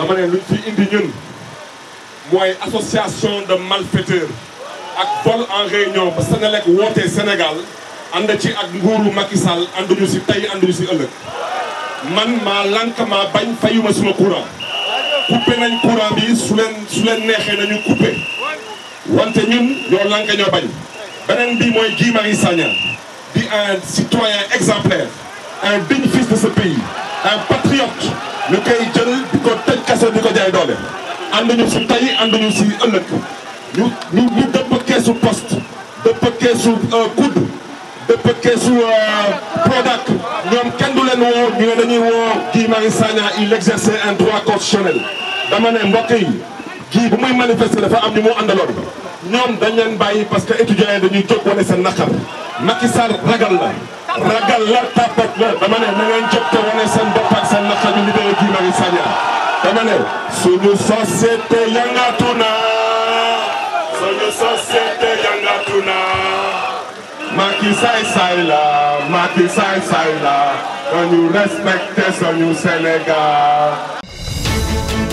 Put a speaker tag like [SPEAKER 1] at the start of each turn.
[SPEAKER 1] dama ne luñ fi indi ñun moy association de malfaiteurs ak vol en réunion ba Senelec wootee Sénégal and ci ak nguru makissal andu ànduñu si tey ànduñu si ëllëg man ma lank ma bañ fayuma suma courant couper nañ courant bi su leen su leen neexee nañu couper wante ñun ñoo lank ñoo bañ benen bi moy Guy Marius Sagna di un citoyen exemplaire un bénéfice de ce pays un patriote le kay jël diko tej tëj diko jay ko jaay doole ànduñu si tey ànduñu si ëllëg ñu ñu ñu dëpp keesu poste dëpp keesu kudd euh, dëpp keesu euh, Prodac ñom kenn du len woo ñu ne dañuy woo ki Marius Sagna il exerçait un droit constitutionnel dama ne mbokk yi Guy bu muy manifester dafa am ñu mo àndaloon ñom dañ leen bayyi parce que étudiants dañuy jóg wane seen naqar Macky Sall ragal la ragal la tàppat la dama ne na ngeen jóg dama ne suñu société yangatu na suñu société yangatu la
[SPEAKER 2] Macky saay saay la dañu respecté suñu Sénégal